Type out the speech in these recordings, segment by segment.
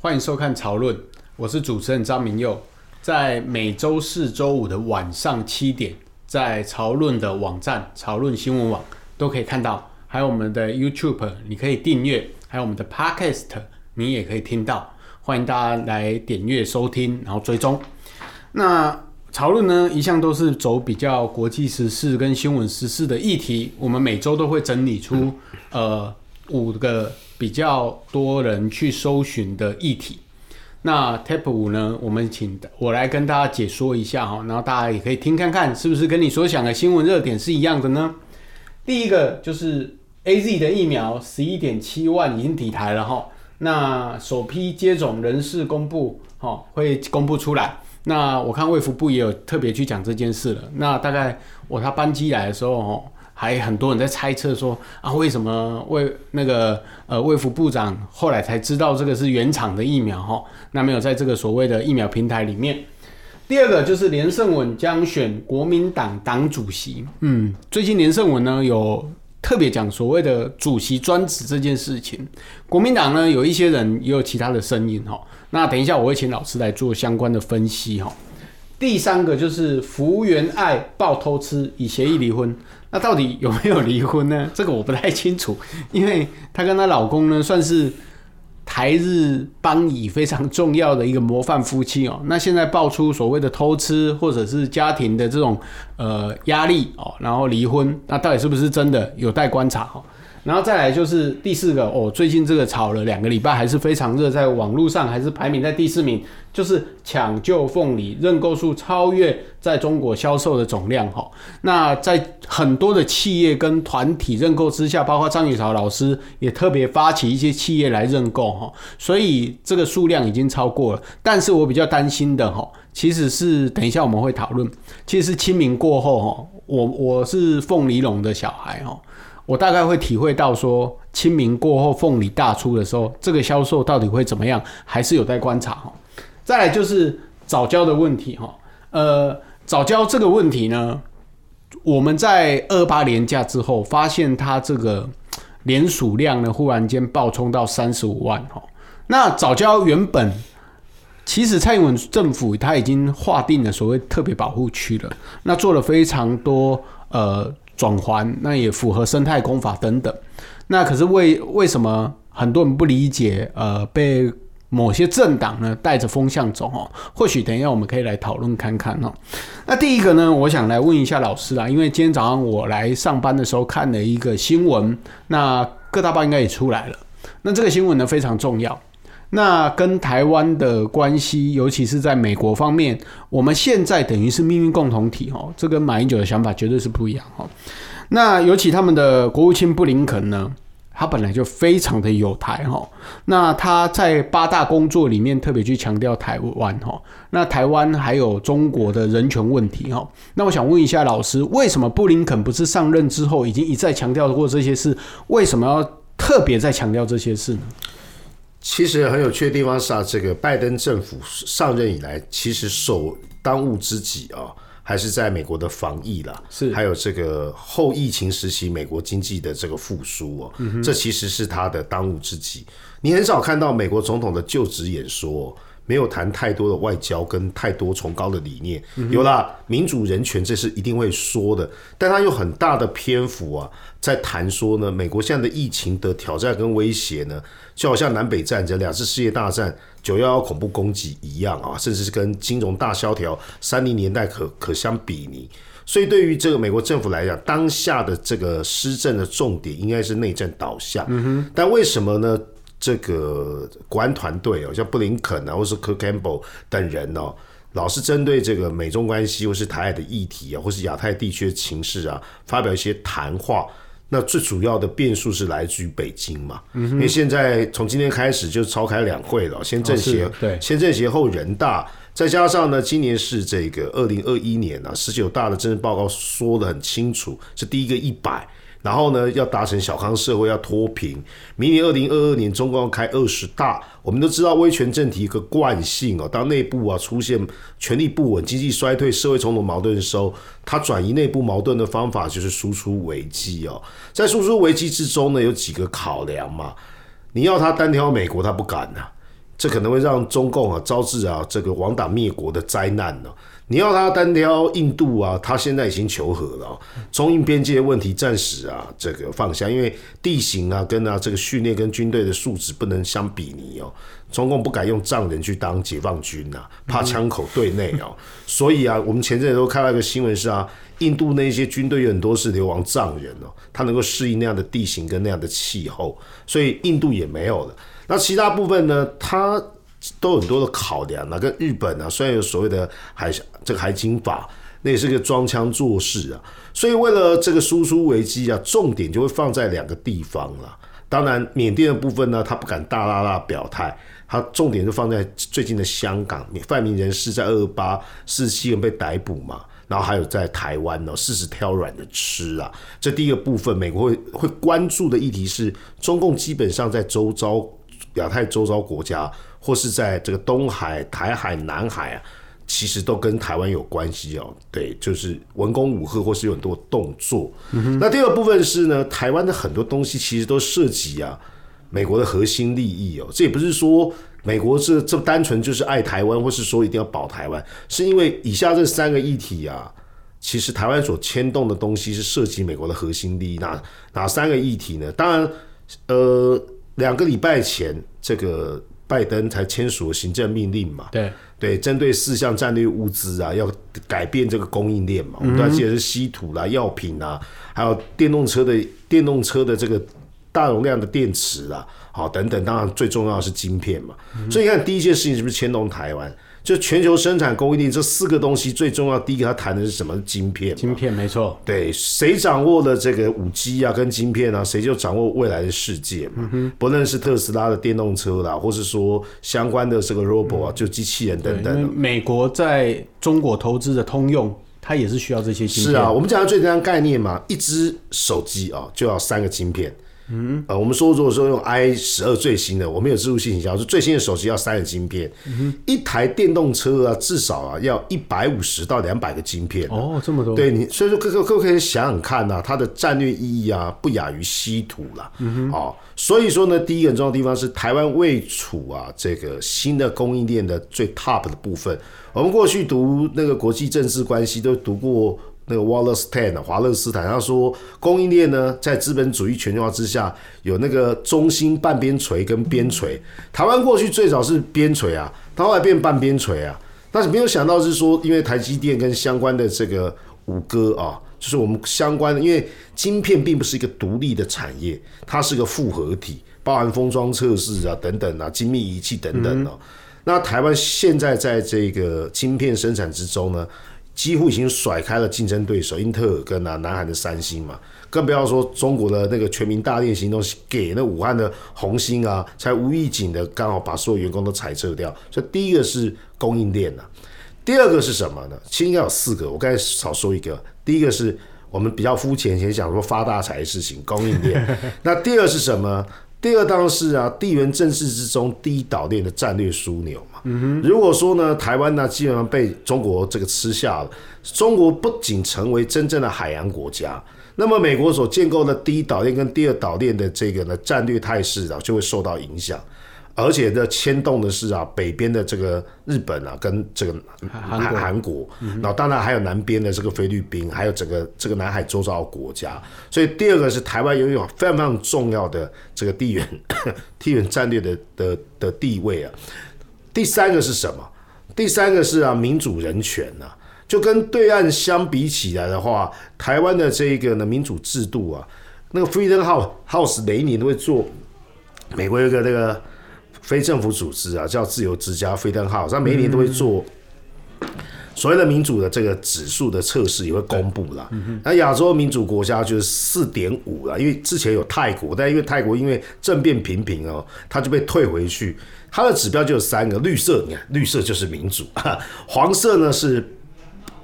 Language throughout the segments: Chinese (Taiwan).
歡迎收看《潮論》，我是主持人張明佑，在每周四、周五的晚上七點，在《潮論》的網站《潮論新聞網》都可以看到，還有我們的 YouTube，你可以訂閱，還有我們的 Podcast，你也可以聽到。歡迎大家來點閱收聽，然後追蹤。那《潮論》呢，一向都是走比較國際時事跟新聞時事的議題，我們每周都會整理出、嗯、呃五個。比較多人去搜尋的議題，那 Tap 五呢，我們請我來跟大家解說一下哈，然後大家也可以聽看看，是不是跟你所想的新聞熱點是一樣的呢？第一個就是 AZ 的疫苗十一點七萬已經抵台了哈，那首批接種人士公布哈，會公布出來，那我看衛福部也有特別去講這件事了，那大概我、哦、他班機來的時候哈。還很多人在猜測說啊，為什麼衛那個呃衛副部長後來才知道這個是原廠的疫苗吼、哦，那沒有在這個所謂的疫苗平台裡面。第二個就是連勝文將選國民黨黨主席，嗯，最近連勝文呢有特別講所謂的主席專職這件事情，國民黨呢有一些人也有其他的聲音吼、哦，那等一下我會請老師來做相關的分析吼、哦，第三個就是福原愛爆偷吃，已協議離婚。那到底有沒有離婚呢？這個我不太清楚，因為她跟她老公呢，算是台日邦誼非常重要的一個模範夫妻哦。那現在爆出所謂的偷吃，或者是家庭的這種呃壓力哦，然後離婚，那到底是不是真的，有待觀察哦。然後再來就是第四個哦，最近這個炒了兩個禮拜，還是非常熱，在網絡上還是排名在第四名。就是搶救鳳梨認購數超越在中國銷售的總量哈，那在很多的企業跟團體認購之下，包括張宇潮老師也特別發起一些企業來認購哈，所以這個數量已經超過了。但是我比較擔心的吼，其實是等一下我們會討論，其實清明過後哈，我我是鳳梨龍的小孩哈，我大概會體會到說清明過後鳳梨大出的時候，這個銷售到底會怎麼樣，還是有待觀察哈。再來就是藻礁的問題哈，呃，藻礁這個問題呢，我們在二二八連假之後發現它這個連署量呢，忽然間暴衝到三十五萬哈。那藻礁原本其實蔡英文政府他已經劃定了所謂特別保護區了，那做了非常多呃轉圜，那也符合生態工法等等。那可是為為什麼很多人不理解？呃，被某些政黨呢，帶着風向走哦，或許等一下我們可以來討論看看哦。那第一個呢，我想來問一下老師啊，因為今天早上我來上班的時候看了一個新聞，那各大報應該也出來了。那這個新聞呢，非常重要，那跟台灣的關係，尤其是在美國方面，我們現在等於是命運共同體哦，這跟馬英九的想法絕對是不一樣哦。那尤其他們的國務卿布林肯呢？他本來就非常的有台哈，那他在八大工作裡面特別去強調台灣哈，那台灣還有中國的人權問題哈，那我想問一下老師，為什麼布林肯不是上任之後已經一再強調過這些事，為什麼要特別再強調這些事呢？其實很有趣的地方是啊，這個拜登政府上任以來，其實首當務之急啊。還是在美國的防疫啦，是還有這個後疫情時期美國經濟的這個復甦哦。嗯、哼這其實是他的當務之急。你很少看到美國總統的就職演說，哦、沒有談太多的外交跟太多崇高的理念，嗯、哼有了民主人權這是一定會說的，但他有很大的篇幅啊，在談說呢，美國現在的疫情的挑戰跟威脅呢，就好像南北戰爭、兩次世界大戰，九幺幺恐怖攻擊一樣啊，甚至是跟金融大蕭條三零年代可可相比擬。所以對於這個美國政府來講，當下的這個施政的重點應該是內政導向。嗯、哼但為什麼呢？這個國安團隊哦，像布林肯啊，或是坎貝爾等人哦，老是針對這個美中關係，或是台海的議題啊，或是亞太地區的情勢啊，發表一些談話。那最主要的變數是來自於北京嘛？因為現在從今天開始就召開兩會了，先政協，對，先政協後人大，再加上呢，今年是這個二零二一年啊，十九大的政治報告說得很清楚，是第一個一百。然後呢，要達成小康社會，要脫貧。明年二零二二年，中共要開二十大。我們都知道，威權政體一個慣性哦，當內部啊出現權力不穩、經濟衰退、社會衝突矛盾的時候，它轉移內部矛盾的方法就是輸出危機哦。在輸出危機之中呢，有幾個考量嘛，你要他單挑美國，他不敢吶、啊，這可能會讓中共啊招致啊這個亡黨滅國的災難呢、啊。你要他單挑印度啊？他現在已經求和了啊、哦，中印邊界問題暫時啊這個放下，因為地形啊跟啊這個訓練跟軍隊的素質不能相比擬哦。中共不敢用藏人去當解放軍吶、啊，怕槍口對內哦。嗯、所以啊，我們前陣子都看到一個新聞是啊，印度那些軍隊有很多是流亡藏人哦，他能夠適應那樣的地形跟那樣的氣候，所以印度也沒有了。那其他部分呢？他。都很多的考量，那個日本啊，雖然有所謂的海，這個海警法，那也是個裝腔作勢啊。所以為了這個輸出危機啊，重點就會放在兩個地方了啊。當然，緬甸的部分呢，他不敢大喇喇表態，他重點就放在最近的香港，泛民人士在二八四七人被逮捕嘛，然後還有在台灣呢，四十挑軟的吃啊。這第一個部分，美國會會關注的議題是，中共基本上在周遭，亞太周遭國家。或是在這個東海、台海、南海啊，其實都跟台灣有關係哦。對，就是文攻武嚇，或是有很多動作。嗯哼。那第二部分是呢，台灣的很多東西其實都涉及啊，美國的核心利益哦。這也不是說美國這這單純就是愛台灣，或是說一定要保台灣，是因為以下這三個議題啊，其實台灣所牽動的東西是涉及美國的核心利益。哪哪三個議題呢？當然，呃，兩個禮拜前這個。拜登才簽署了行政命令嘛對？對對，針對四項戰略物資啊，要改變這個供應鏈嘛。嗯、哼我們都要記得是稀土啦、啊、藥品啦、啊，還有電動車的電動車的這個大容量的電池啦、啊，好等等。當然最重要的是晶片嘛。嗯、哼所以你看，第一件事情是不是牽動台灣？就全球生產供應鏈這四個東西最重要，第一個它談的是什麼？晶片，晶片沒錯，對，誰掌握了這個五 G 啊，跟晶片啊，誰就掌握未來的世界。嗯哼，不論是特斯拉的電動車啦，或是說相關的這個 robot 啊，就機器人等等，美國在中國投資的通用，它也是需要這些晶片。是啊，我們講的最簡單概念嘛，一支手機啊，就要三個晶片。嗯，呃，我們說如果說用 i 十二最新的，我們有自訊信息，要是最新的手機要三個晶片。嗯、哼一台電動車啊，至少啊要一百五十到兩百個晶片，啊。哦，這麼多，對你，所以說各各可以想想看啊，它的戰略意義啊，不亞於稀土了。嗯哼哦，所以說呢，第一個很重要的地方是台灣位處啊這個新的供應鏈的最 top 的部分。我們過去讀那個國際政治關係都讀過。那個 Wallerstein 啊，華勒斯坦，他說供應鏈呢，在資本主義全球化之下，有那個中心半邊陲跟邊陲。台灣過去最早是邊陲啊，它後來變半邊陲啊，但是沒有想到是說，因為台積電跟相關的這個五哥啊，就是我們相關的，因為晶片並不是一個獨立的產業，它是個複合體，包含封裝測試啊等等啊，精密儀器等等啊。嗯、那台灣現在在這個晶片生產之中呢？幾乎已經甩開了競爭對手，英特爾跟啊，南韓的三星嘛，更不要說中國的那個全民大練行動，給那武漢的紅星啊，才無意景的剛好把所有員工都裁撤掉。所以第一個是供應鏈吶、啊，第二個是什麼呢？其實應該有四個，我剛才少說一個。第一個是我們比較膚淺先想說發大財的事情，供應鏈。 那第二是什麼？第二檔是啊，地緣政治之中第一島鏈的戰略樞紐嘛。嗯哼。如果說呢，台灣呢基本上被中國這個吃下了，中國不僅成為真正的海洋國家，那麼美國所建構的第一島鏈跟第二島鏈的這個呢戰略態勢啊，就會受到影響。而且這牽動的是啊，北邊的這個日本啊，跟這個韓韓國，那當然還有南邊的這個菲律賓，還有整個這個南海周遭的國家。所以第二個是台灣擁有非常、非常重要的這個地緣地緣戰略的的的地位啊。第三個是什麼？第三個是啊，民主人權啊，就跟對岸相比起來的話，台灣的這個呢民主制度啊，那個 Freedom House 每一年都會做，美國有一個那個。非政府組織啊，叫自由之家、費登號，他每一年都會做所謂的民主的這個指數的測試，也會公布啦。嗯、哼那亞洲民主國家就是四點五啦，因為之前有泰國，但因為泰國因為政變頻頻哦，他就被退回去。它的指標就有三個：綠色，你看綠色就是民主；黃色呢是。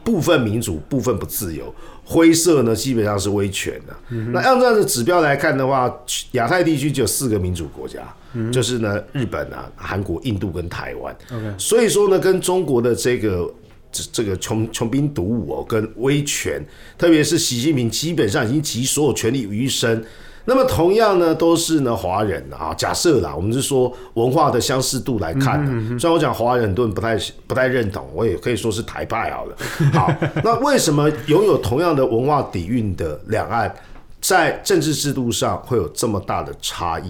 部分民主，部分不自由，灰色呢，基本上是威權、啊嗯、哼的。那按照這指標來看的話，亞太地區就有四個民主國家，嗯、哼就是呢，日本啊、韓、嗯、國、印度跟台灣。Okay 所以說呢，跟中國的這個這個窮窮兵黷武哦，跟威權，特別是習近平，基本上已經集所有權力於一身。那麼同樣呢，都是呢華人啊。假設啦，我們是說文化的相似度來看的、啊。嗯嗯嗯雖然我講華人，很多人不太不太認同，我也可以說是台派好了。好， 那為什麼擁有同樣的文化底蘊的兩岸，在政治制度上會有這麼大的差異？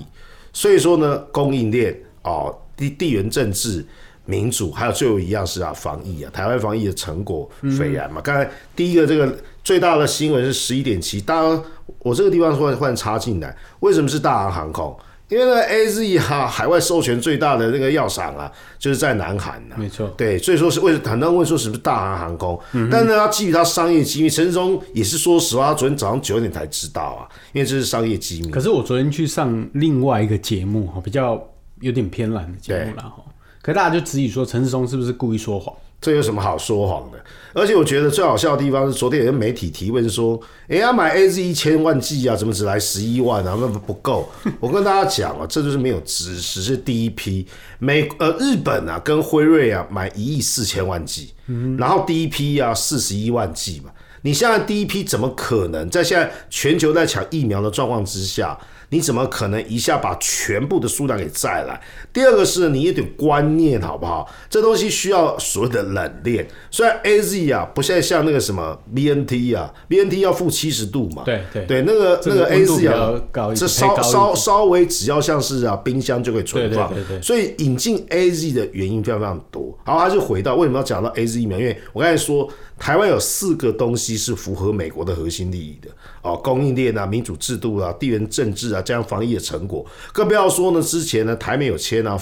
所以說呢，供應鏈啊、哦，地地緣政治。民主還有最後一樣是啊，防疫啊，台灣防疫的成果斐然嘛。剛、嗯、哼才第一個這個最大的新聞是十一點七，當然我這個地方會忽然插進來，為什麼是大韓航空？因為呢，AZ 哈海外授權最大的那個藥廠啊，就是在南韓的、啊，沒錯錯，對，所以說是為了很多人問說是不是大韓航空，嗯、哼但是他基於他商業機密，陳時中也是說實話，他昨天早上九點才知道啊，因為這是商業機密。可是我昨天去上另外一個節目哈，比較有點偏藍的節目了哈。可大家就質疑說，陳時中是不是故意說謊？這有什麼好說謊的？而且我覺得最好笑的地方是，昨天有媒體提問說：“哎、欸、呀、啊，買 A Z 一千萬劑啊，怎麼只來十一萬啊？那麼不夠？” 我跟大家講啊，這就是沒有知識，是第一批美、呃、日本啊跟輝瑞啊買一億四千萬劑，嗯、哼然後第一批啊，四十一萬劑嘛。你現在第一批怎麼可能？在現在全球在搶疫苗的狀況之下。你怎麼可能一下把全部的數量給載來？第二個是你有點觀念好不好？這東西需要所謂的冷鏈。雖然 A Z 啊，不像像那個什麼 B N T 啊 B N T 要負七十度嘛。對對對，那個那個 A Z 啊，這稍，稍稍稍微只要像是啊冰箱就可以存放。所以引進 A Z 的原因非常非常多。好，他就回到為什麼要講到 A Z 疫苗？因為我剛才說台灣有四個東西是符合美國的核心利益的哦，供應鏈啊、民主制度啊、地緣政治、啊。啊，這樣防疫的成果，更不要說呢。之前呢，台美有簽啊，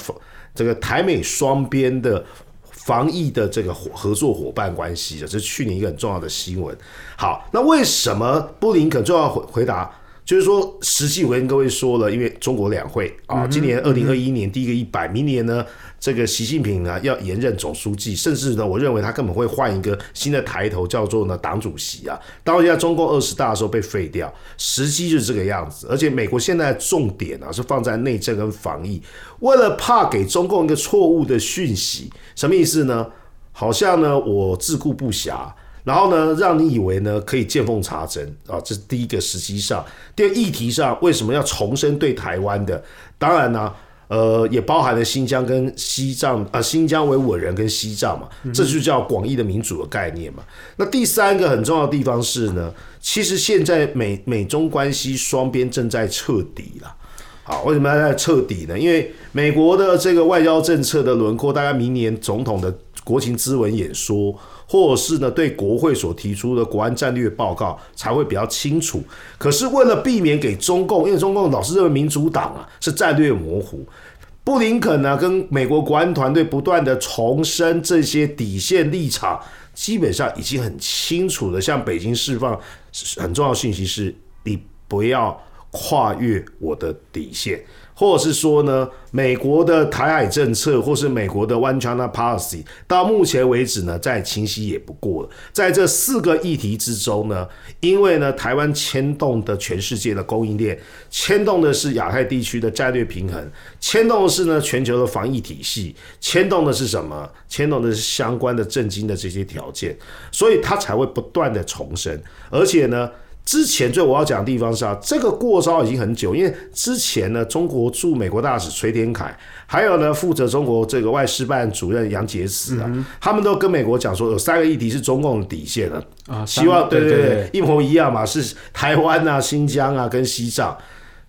這個台美雙邊的防疫的這個合作夥伴關係的，這是去年一個很重要的新聞。好，那為什麼布林肯就要回回答？就是說，實際我跟各位說了，因為中國兩會啊，今年二零二一年第一個一百，明年呢？這個習近平呢、啊、要延任總書記，甚至呢，我認為他根本會換一個新的抬頭，叫做呢黨主席啊。當時在中共二十大的時候被廢掉，時機就是這個樣子。而且，美國現在重點呢、啊、是放在內政跟防疫，為了怕給中共一個錯誤的訊息，什麼意思呢？好像呢我自顧不暇，然後呢讓你以為呢可以見縫插針啊。這是第一個時機上，第二個議題上為什麼要重申對台灣的？當然呢、啊。呃，也包含了新疆跟西藏啊、呃，新疆維吾人跟西藏嘛，嗯、哼這就叫廣義的民主的概念嘛。那第三個很重要的地方是呢，其實現在美美中關係雙邊正在徹底啦。好，為什麼要在徹底呢？因為美國的這個外交政策的輪廓，大概明年總統的國情諮文演說。或是呢，對國會所提出的國安戰略報告，才會比較清楚。可是為了避免給中共，因為中共老是認為民主黨啊是戰略模糊，布林肯呢跟美國國安團隊不斷地重申這些底線立場，基本上已經很清楚的向北京釋放很重要的信息是，你不要跨越我的底線。或者是說呢，美國的台海政策，或是美國的 One China Policy，到目前為止呢，再清晰也不過了。在這四個議題之中呢，因為呢，台灣牽動的全世界的供應鏈，牽動的是亞太地區的戰略平衡，牽動的是呢全球的防疫體系，牽動的是什麼？牽動的是相關的政經的這些條件，所以它才會不斷的重申，而且呢。之前最我要講的地方是啊，這個過招已經很久，因為之前呢，中國駐美國大使崔天凱，還有呢負責中國這個外事辦主任楊潔篪啊，嗯嗯他們都跟美國講說，有三個議題是中共的底線啊，希望對對對，一模一樣嘛，是台灣啊、新疆啊跟西藏。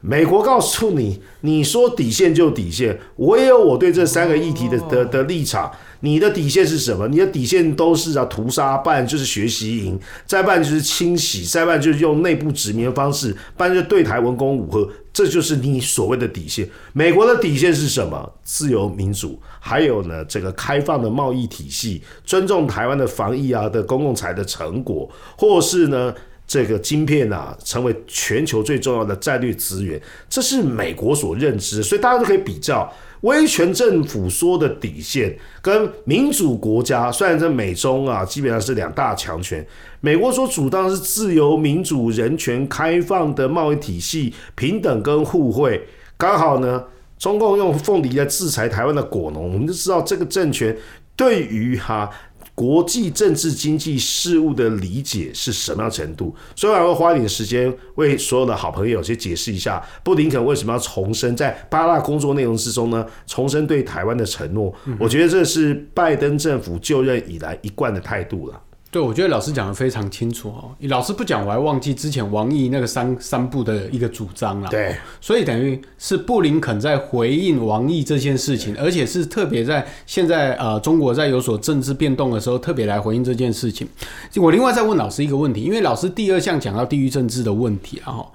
美國告訴你，你說底線就底線，我也有我對這三個議題的、哦、的的立場。你的底線是什麼？你的底線都是啊，屠殺辦就是學習營，再辦就是清洗，再辦就是用內部殖民方式，辦就是對台文攻武嚇，這就是你所謂的底線。美國的底線是什麼？自由民主，還有呢，這個開放的貿易體系，尊重台灣的防疫啊的公共財的成果，或是呢，這個晶片啊，成為全球最重要的戰略資源，這是美國所認知，所以大家都可以比較，威權政府說的底線，跟民主國家，雖然在美中啊，基本上是兩大強權。美國所主張是自由、民主、人權、開放的貿易體系、平等跟互惠。剛好呢，中共用鳳梨來制裁台灣的果農，我們就知道這個政權對於哈、啊。國際政治經濟事務的理解是什麼樣程度？所以我要花一點時間為所有的好朋友去解釋一下，布林肯為什麼要重申在八大工作內容之中呢？重申對台灣的承諾，我覺得這是拜登政府就任以來一貫的態度了。對，我覺得老師講的非常清楚哈、哦。老師不講，我還忘記之前王毅那個三三部的一個主張了。對，所以等於是布林肯在回應王毅這件事情，而且是特別在現在呃中國在有所政治變動的時候，特別來回應這件事情。我另外再問老師一個問題，因為老師第二項講到地域政治的問題啊，哈，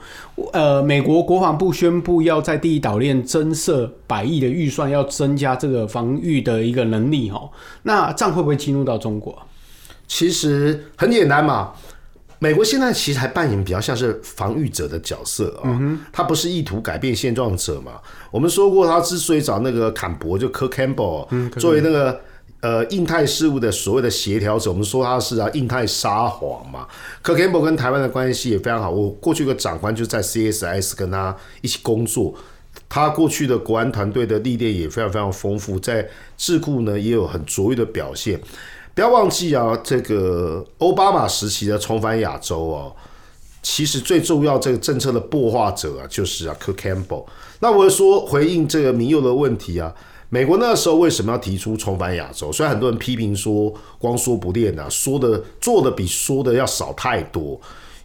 呃，美國國防部宣布要在第一島鏈增設百億的預算，要增加這個防禦的一個能力哈、哦。那這樣會不會激怒到中國、啊？其實很簡單嘛，美國現在其實還扮演比較像是防御者的角色啊、哦，嗯、哼他不是意圖改變現狀者嘛。我們說過，他之所以找那個坎伯就 Kurt Campbell，作為那個呃印太事務的所謂的協調者，我們說他是啊印太沙皇嘛。Kurt Campbell 跟台灣的關係也非常好，我過去一個長官就在 C S S 跟他一起工作，他過去的國安團隊的歷練也非常非常豐富，在智庫呢也有很卓越的表現。不要忘記啊，這個歐巴馬時期的重返亞洲哦、啊，其實最重要這個政策的擘畫者啊，就是啊，Kurt Campbell。那我說回應這個民佑的問題啊，美國那時候為什麼要提出重返亞洲？雖然很多人批評說光說不練啊，說的做的比說的要少太多。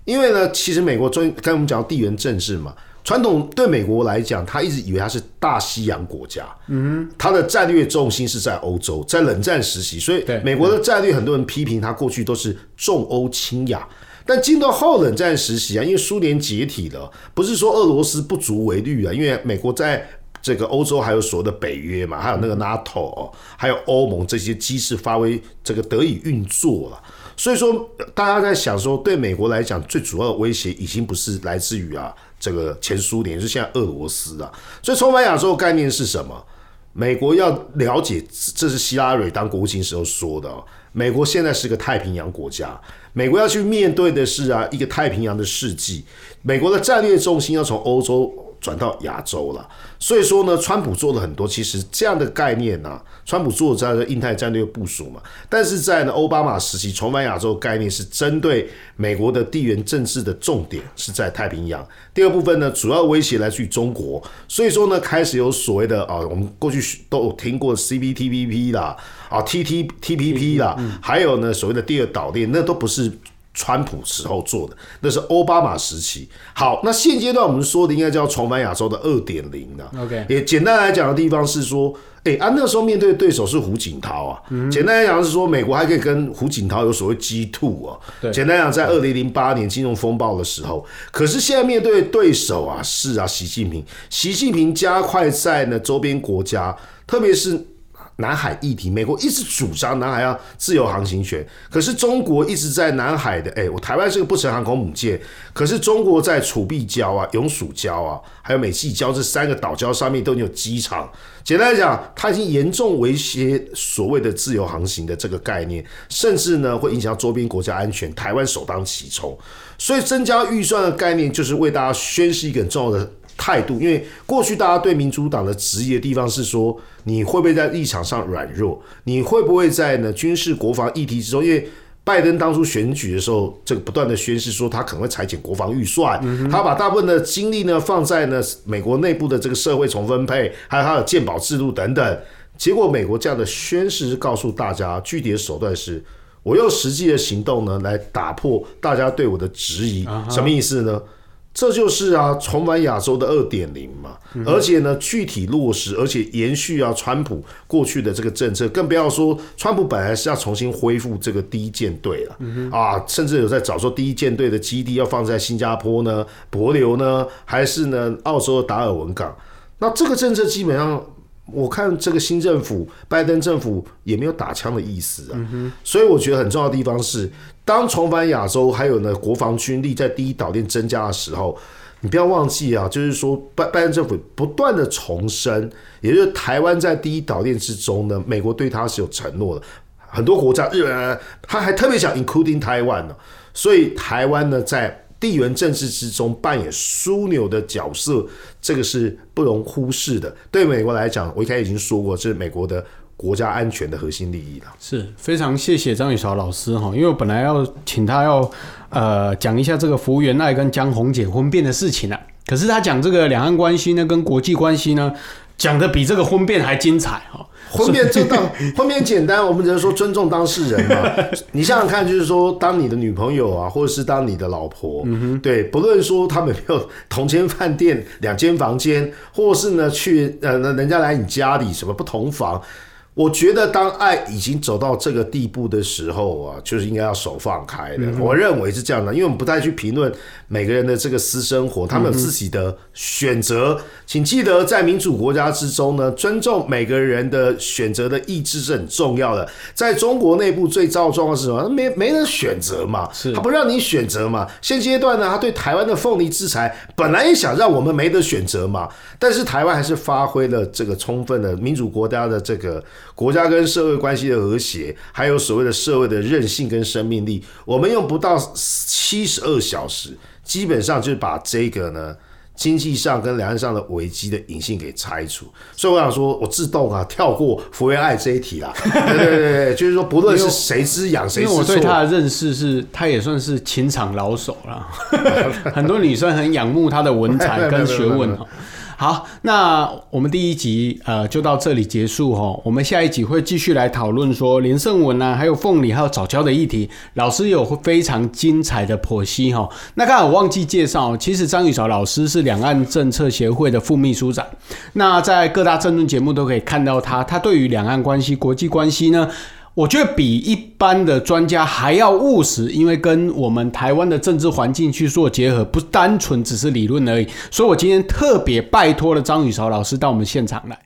因為呢，其實美國最跟我們講地緣政治嘛。傳統對美國來講，他一直以為他是大西洋國家，嗯哼，他的戰略重心是在歐洲，在冷戰時期，所以美國的戰略很多人批評他過去都是重歐輕亞。但進到後冷戰時期啊，因為蘇聯解體了，不是說俄羅斯不足為慮啊，因為美國在這個歐洲還有所謂的北約嘛，還有那個 NATO，還有歐盟這些機制發揮這個得以運作了啊。所以說，大家在想說，對美國來講，最主要的威脅已經不是來自於啊。這個前蘇聯就是現在俄羅斯啊，所以重返亞洲的概念是什麼？美國要了解，這是希拉蕊當國務卿時候說的，美國現在是個太平洋國家，美國要去面對的是啊一個太平洋的世紀，美國的戰略重心要從歐洲。轉到亞洲了，所以說呢，川普做了很多。其實這樣的概念呢、啊，川普做的這樣的印太戰略部署嘛，但是在呢奧巴馬時期，重返亞洲的概念是針對美國的地緣政治的重點是在太平洋。第二部分呢，主要威脅來自於中國，所以說呢，開始有所謂的啊，我們過去都有聽過 CPTPP 啦，啊 TTTPP 啦，還有呢所謂的第二島鏈，那都不是。川普時候做的那是奧巴馬時期。好，那現階段我們說的應該叫重返亞洲的二點零了。OK，也簡單來講的地方是說，哎、欸、啊，那時候面對的對手是胡錦濤啊。嗯、簡單來講是說，美國還可以跟胡錦濤有所謂 “G2” 啊。對簡單講，在二零零八年金融風暴的時候，對可是現在面對的對手啊是啊習近平。習近平加快在呢周邊國家，特別是。南海議題，美國一直主張南海要自由航行權，可是中國一直在南海的，哎、欸，我台灣是個不沉航空母艦，可是中國在渚碧礁啊、永暑礁啊，還有美濟礁這三個島礁上面都有機場。簡單來講，它已經嚴重威脅所謂的自由航行的這個概念，甚至呢會影響周邊國家安全，台灣首當其衝。所以增加預算的概念，就是為大家宣示一個很重要的。態度，因為過去大家對民主黨的質疑的地方是說，你會不會在立場上軟弱？你會不會在呢軍事國防議題之中？因為拜登當初選舉的時候，這個不斷的宣示說他可能會裁減國防預算，嗯、哼他把大部分的精力呢放在呢美國內部的這個社會重分配，還有他的健保制度等等。結果美國這樣的宣示是告訴大家具體的手段是，我用實際的行動呢來打破大家對我的質疑，什麼意思呢？Uh huh. 這就是啊，重返亞洲的二點零嘛，嗯、哼而且呢，具體落實，而且延續啊，川普過去的這個政策，更不要說川普本來是要重新恢復這個第一艦隊了，啊，嗯、哼啊，甚至有在找說第一艦隊的基地要放在新加坡呢，帛琉呢，還是呢澳洲的達爾文港，那這個政策基本上。我看這個新政府，拜登政府也沒有打槍的意思啊，所以我覺得很重要的地方是，當重返亞洲，還有呢國防軍力在第一島鏈增加的時候，你不要忘記啊，就是說拜拜登政府不斷的重申，也就是台灣在第一島鏈之中呢，美國對他是有承諾的，很多國家，日本他還特別講 including 台灣呢，所以台灣呢在。地緣政治之中扮演樞紐的角色，這個是不容忽視的。對美國來講，我一開始已經說過，這是美國的國家安全的核心利益了。是，非常謝謝張宇韶老師哈，因為我本來要請他要呃講一下這個福原愛跟江宏傑婚變的事情了，可是他講這個兩岸關係呢，跟國際關係呢。講的比這個婚變還精彩哈、哦！婚變這檔，婚變簡單，我們只能說尊重當事人嘛。你想想看，就是說，當你的女朋友啊，或者是當你的老婆，嗯哼對，不論說他們沒有同間飯店、兩間房間，或是呢去呃，人家來你家裡什麼不同房。我覺得當愛已經走到這個地步的時候啊，就是應該要手放開的。嗯、哼我認為是這樣的，因為我們不太去評論每個人的這個私生活，他們有自己的選擇。嗯、哼請記得，在民主國家之中呢，尊重每個人的選擇的意志是很重要的。在中國內部最遭殃的是什麼？沒沒得選擇嘛，他不讓你選擇嘛。是現階段呢，他對台灣的鳳梨製裁本來也想讓我們沒得選擇嘛，但是台灣還是發揮了這個充分的民主國家的這個。國家跟社會關係的和諧，還有所謂的社會的韌性跟生命力，我們用不到七十二小時，基本上就把這個呢經濟上跟兩岸上的危機的引線給拆除。所以我想說，我自動啊跳過福原愛這一題啦。 對對對，就是說不論是誰滋養誰，因為我對他的認識是，他也算是情場老手了， 很多女生很仰慕他的文采跟學問。 好，那我們第一集呃就到這裡結束哈、哦。我們下一集會繼續來討論說連勝文吶、啊，還有鳳梨，還有藻礁的議題，老師有非常精彩的剖析哈、哦。那剛好忘記介紹，其實張宇韶老師是兩岸政策協會的副秘書長，那在各大政論節目都可以看到他，他對於兩岸關係、國際關係呢。我覺得比一般的專家還要務實，因為跟我們台灣的政治環境去做結合，不單純只是理論而已。所以我今天特別拜託了張宇韶老師到我們現場來。